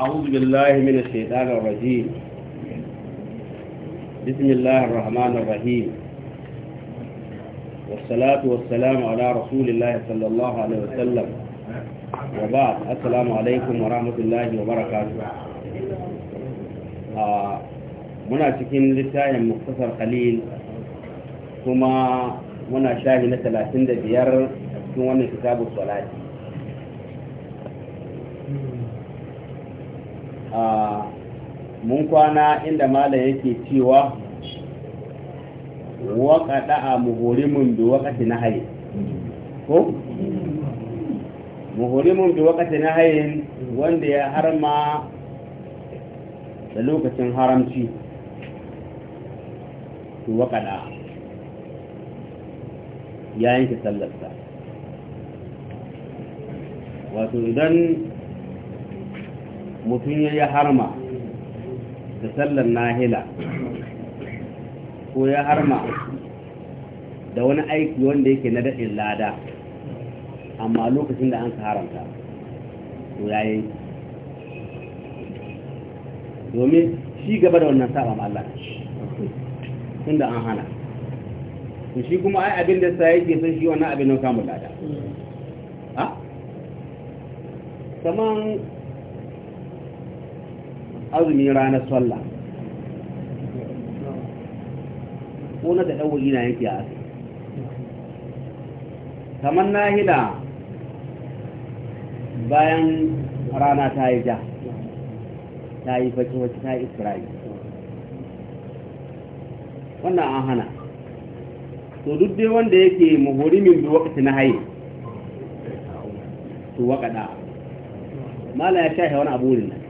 أعوذ بالله من الشيطان الرجيم بسم الله الرحمن الرحيم والصلاة والسلام على رسول الله صلى الله عليه وسلم وبعد السلام عليكم ورحمة الله وبركاته آه، منا muna cikin مختصر قليل khalil منا muna shahi دي 35 cikin من كتاب الصلاة mun kwana inda mala yake cewa waka da'a muhurimin bi wakati na haye ko muhurimin bi wakati na haye wanda ya harma da lokacin haramci to waka yayin ya yanke sallarsa wato idan mutum ya yi harma da sallar nahila ko ya harma da wani aiki wanda yake na daɗin lada amma lokacin da an ka haramta ko ya yi domin shi gaba da wannan saba ma Allah da an hana to shi kuma ai abin da sa yake son shi wannan abin na samun lada ha azumi ranar sallah ko na da ɗawali na yake a kamar na nahila bayan rana ta yi ja ta yi baki wacce ta yi isra'i wannan an hana to duk dai wanda yake muhurimin bi wakati na haye to wakada mala ya shahe wani aburin nan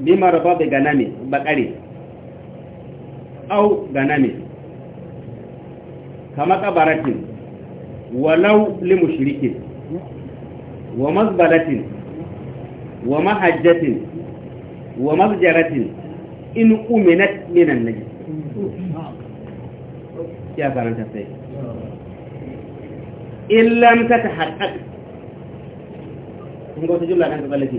bima bimar babu ganami bakare au ganami kama kabaratin walau limushrikin wa mazbalatin wa mahajjatin wa mazjaratin in uminat minan najis ya karanta sai illa an tatahaqqaq kun ga wata jumla kan ta tsallake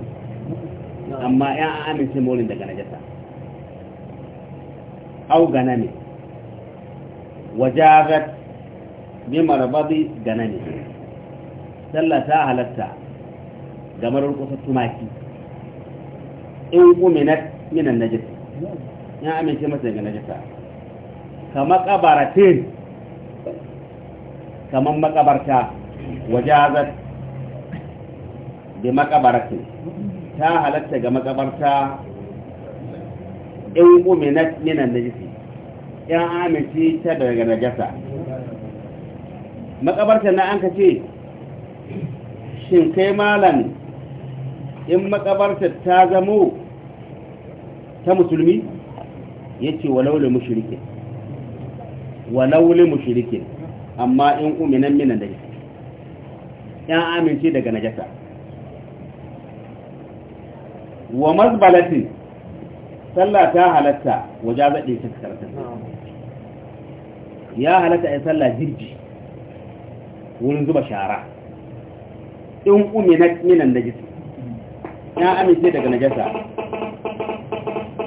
amma ya amince molin daga najasa au ganami wajagat bi marbadi ganami sallah ta halatta gamar kusa tumaki in kuminat minan najis ya amince masa daga najasa kama kabaratin kaman makabarta wajazat bi makabaratin ta halatta ga makabarta in uminat minan najisi in amince ta daga najasa makabarta na an ka ce shin kai malam in makabarta ta zamo ta musulmi ya ce walaule mushrikin walaule mushrikin amma in uminan minan najisi in amince daga najasa wa mazbalatin sallah ta halatta waje zaɗe ta karanta ya halatta a yi sallah jirgi wurin zuba shara in na minan jisi ya amince daga najasa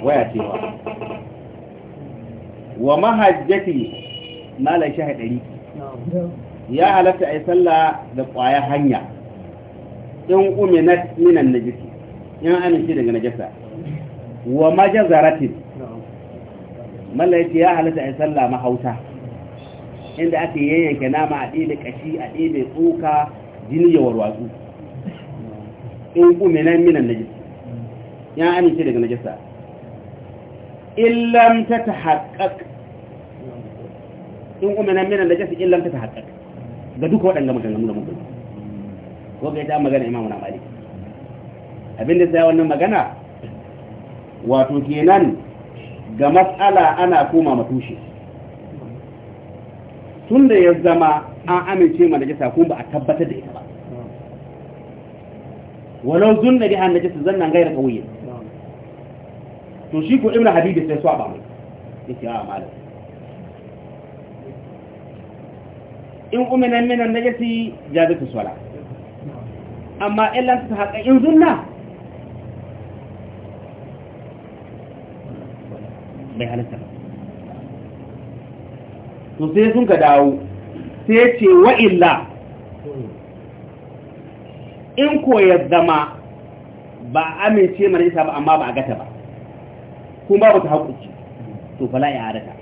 waya cewa wa mahajjati malan shahadari ya halatta a yi sallah da ƙwaya hanya in na minan jisi in amince daga najasa wa majazaratin malla yace ya halatta ai sallah mahauta inda aka yayyanke nama a ɗebe kashi a ɗebe tsoka jini ya warwatsu in umina minan najis ya amince daga najasa illam ta tahaqqaq in umina minan najis illam ta tahaqqaq ga duka waɗannan maganganu da mutum ko ga ita magana imamu na maliki abin da sai wannan magana wato kenan ga matsala ana koma matushe tun da ya zama an amince ma najasa kuma ba a tabbatar da ita ba walau zun da bihan najasa zannan gairar kauye to shi ko ibnu habibi sai swaba mai yake a ah, malam in umina minan najasi jazatu sala amma illa ta haƙa in zunna bai halatta ba to sai sun ka dawo sai ce wa illa in ko ya zama ba amince mana isa ba amma ba a gata ba kuma ba ta haƙuci to fala i'arata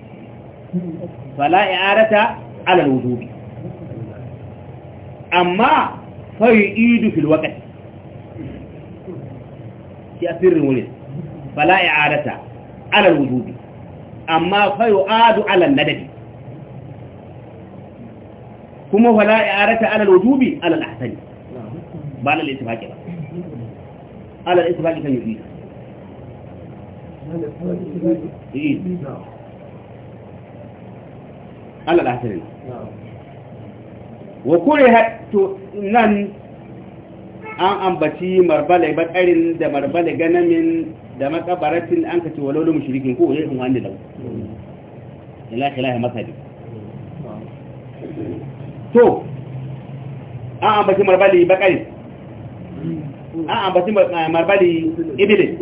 fala i'arata ala wujubi amma fari idu fil waqti ya sirrin wurin fala i'arata ala wujubi amma fa adu ala nadadi kuma wala i'arata ala wujubi ala ahsani ba ala al-ittifaqi ba ala al-ittifaqi kan yufi eh. ala al-ahsani wa kuriha to nan an ambaci marbale bakarin da marbale ganamin da makabaratin an ka ce walau mushrikin ko yayin wani lau ila khilahi masadi to a ambaci marbali bakari eh, a ambaci marbali iblis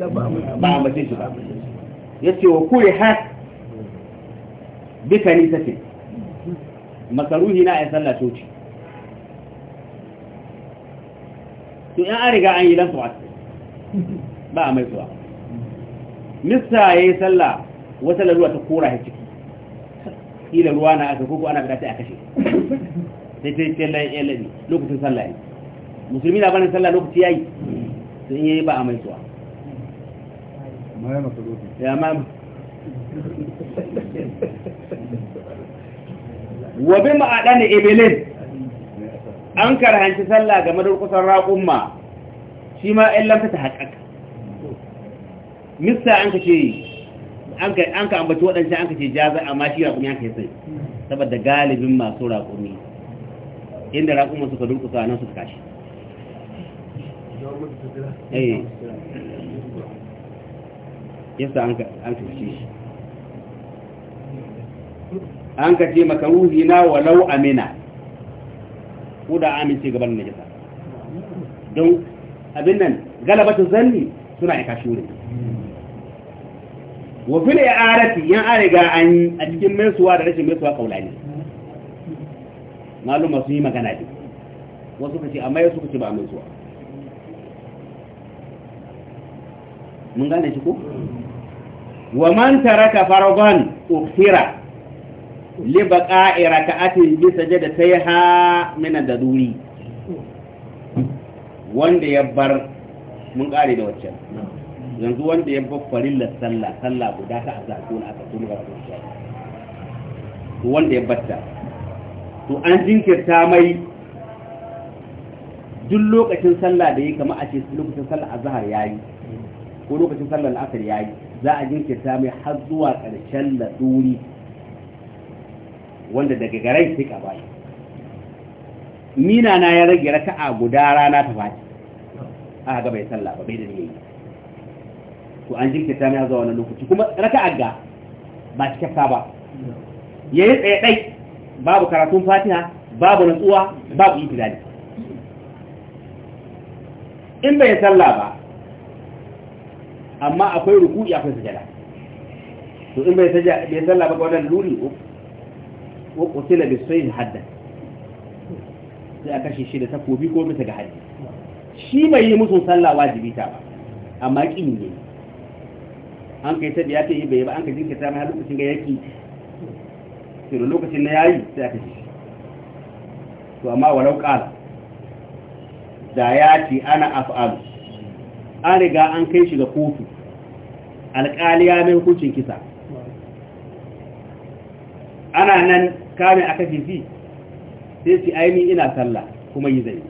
ba ambaci shi ba yace wa kuri ha bi sace makaruhi na ya sallah toci to in an riga an yi lansu ba a mai suwa mista ya yi sallah wata laruwa ta kora shi ciki kila ruwa na aka koko ana bidata a kashe sai ta yi tsallan ya labi lokacin sallah ya musulmi na banin sallah lokaci ya yi sun yi ba a mai suwa ya ma wa bi ma'adana an karhanci sallah game da kusan raƙumma shi ma illan ta haƙaƙa mista an ka kai an ka ambaci waɗancan an ka ce jaza amma shi raƙumi an ka yi sai saboda galibin masu raƙumi inda raƙumin suka durkusa nan suka kashi eh. yasa an ka ce shi an ka ce ruhi na walau amina ko da amince gaban najasa don abin nan galabatun zanni suna ya kashi wurin wa fil i'arati yan an riga an a cikin maisuwa da rashin maisuwa kaulani maluma sun yi magana ne wasu kace amma yasu kace ba maisuwa mun gane shi ko wa man taraka faradan ukhira li baqa'i raka'atin bi sajadatayha min ad-daduri wanda ya bar mun kare da waccan yanzu wanda ya bakwarin la sallah sallah guda ta a ko aka kuma ga wannan shi to wanda ya batta to an jinkirta mai duk lokacin sallah da yi kamar a ce lokacin sallah azhar yayi ko lokacin sallah al'asr yayi za a jinkirta mai har zuwa karshen laduri wanda daga garai sai ka bayi mina na ya rage raka'a guda rana ta fati a ga bai sallah ba bai da yi. to an jinkirta mai zuwa wani lokaci kuma raka'a ga ba cikakka ba yayi tsaye dai babu karatun fatiha babu natsuwa babu itidali in bai salla ba amma akwai ya akwai sujada to in bai salla bai sallah ba wannan luri ko bai bi sayyid hadda sai aka shi da takobi ko mita ga haddi shi bai yi musu salla wajibi ta ba amma kin ne an kai ta biya ta yi bai ba an ka ta mai lokacin ga yaki to lokacin na yayi sai aka ci to amma walau qala da ya ci ana af'al an riga an kai shi ga kofi alƙali ya mai hukuncin kisa ana nan kame aka fi sai ce aini ina sallah kuma yi zai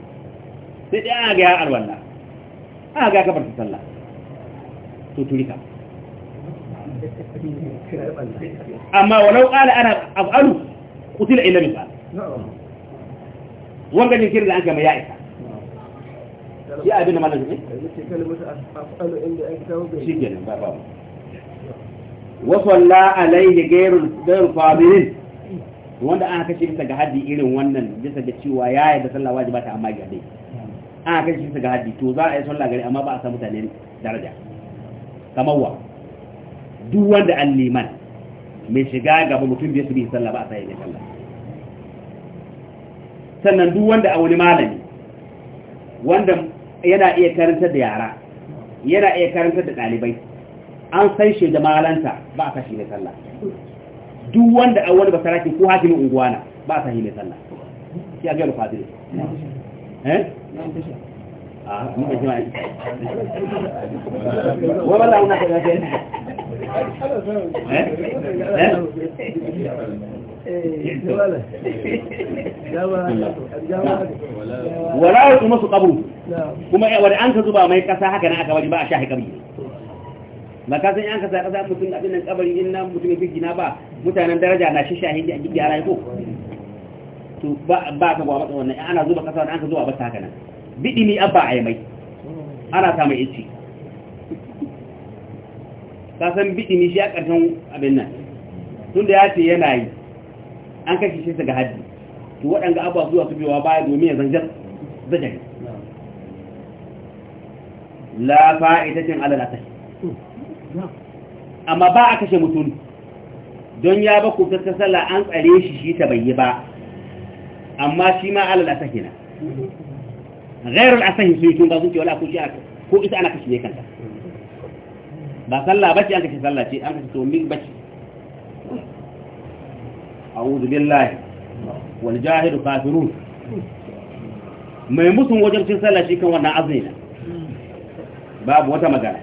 sai dai an ga ya alwala an ga ka bar sallah to turika amma walau ƙala ana af'alu kutila illa min ba wanga kiran da an gama ya isa shi abin da malam ne shi ke nan ba ba wa salla alaihi gairul gairul fadirin wanda an kashe bisa ga haddi irin wannan bisa ga cewa ya da sallah wajiba ta amma ga dai an kashe bisa ga haddi to za a yi sallah gari amma ba a samu mutane daraja kamar wa duk wanda alliman mai shiga gaba mutum bai su bi sallah ba a sai ne sallah sannan duk wanda a wani malami wanda yana iya karanta da yara yana iya karanta da dalibai an san shi da malanta ba a sashi ne sallah duk wanda a wani basaraki ko hakimin unguwana ba a sashi ne sallah ya ga rufa eh Ah, eh? eh? eh, wala una ya kuma su kabu kuma wadda an ka zuba mai ƙasa haka na aka wani ba a shahi kabri ba ka san an kasa kasa mutum abin nan kabari in na mutum ya na ba mutanen daraja na shi shahi da gidi a rayu ko ba ka gwa matsa wannan ana zuba ƙasa wadda an ka zuba ba ta haka nan biɗi ni abba a mai ana samun ici kasan biɗi ni shi a ƙarshen abin nan tun da ya ce yana yi an kashe shi daga hajji to waɗanda abuwa zuwa su biyowa baya domin ya zanjar zajen la fa'itacin alal akai amma ba a kashe mutum don ya ba ku ta sala an tsare shi shi ta bayi ba amma shi ma alal akai na ghairul asahi sun tun ba sun ce wala ko shi ana kashe ne kanta ba sallah bace an kashe sallah an kashe to min bace a'udhu billahi wal jahidu kafirun mai musun wajen cin sallah shi kan wannan na babu wata magana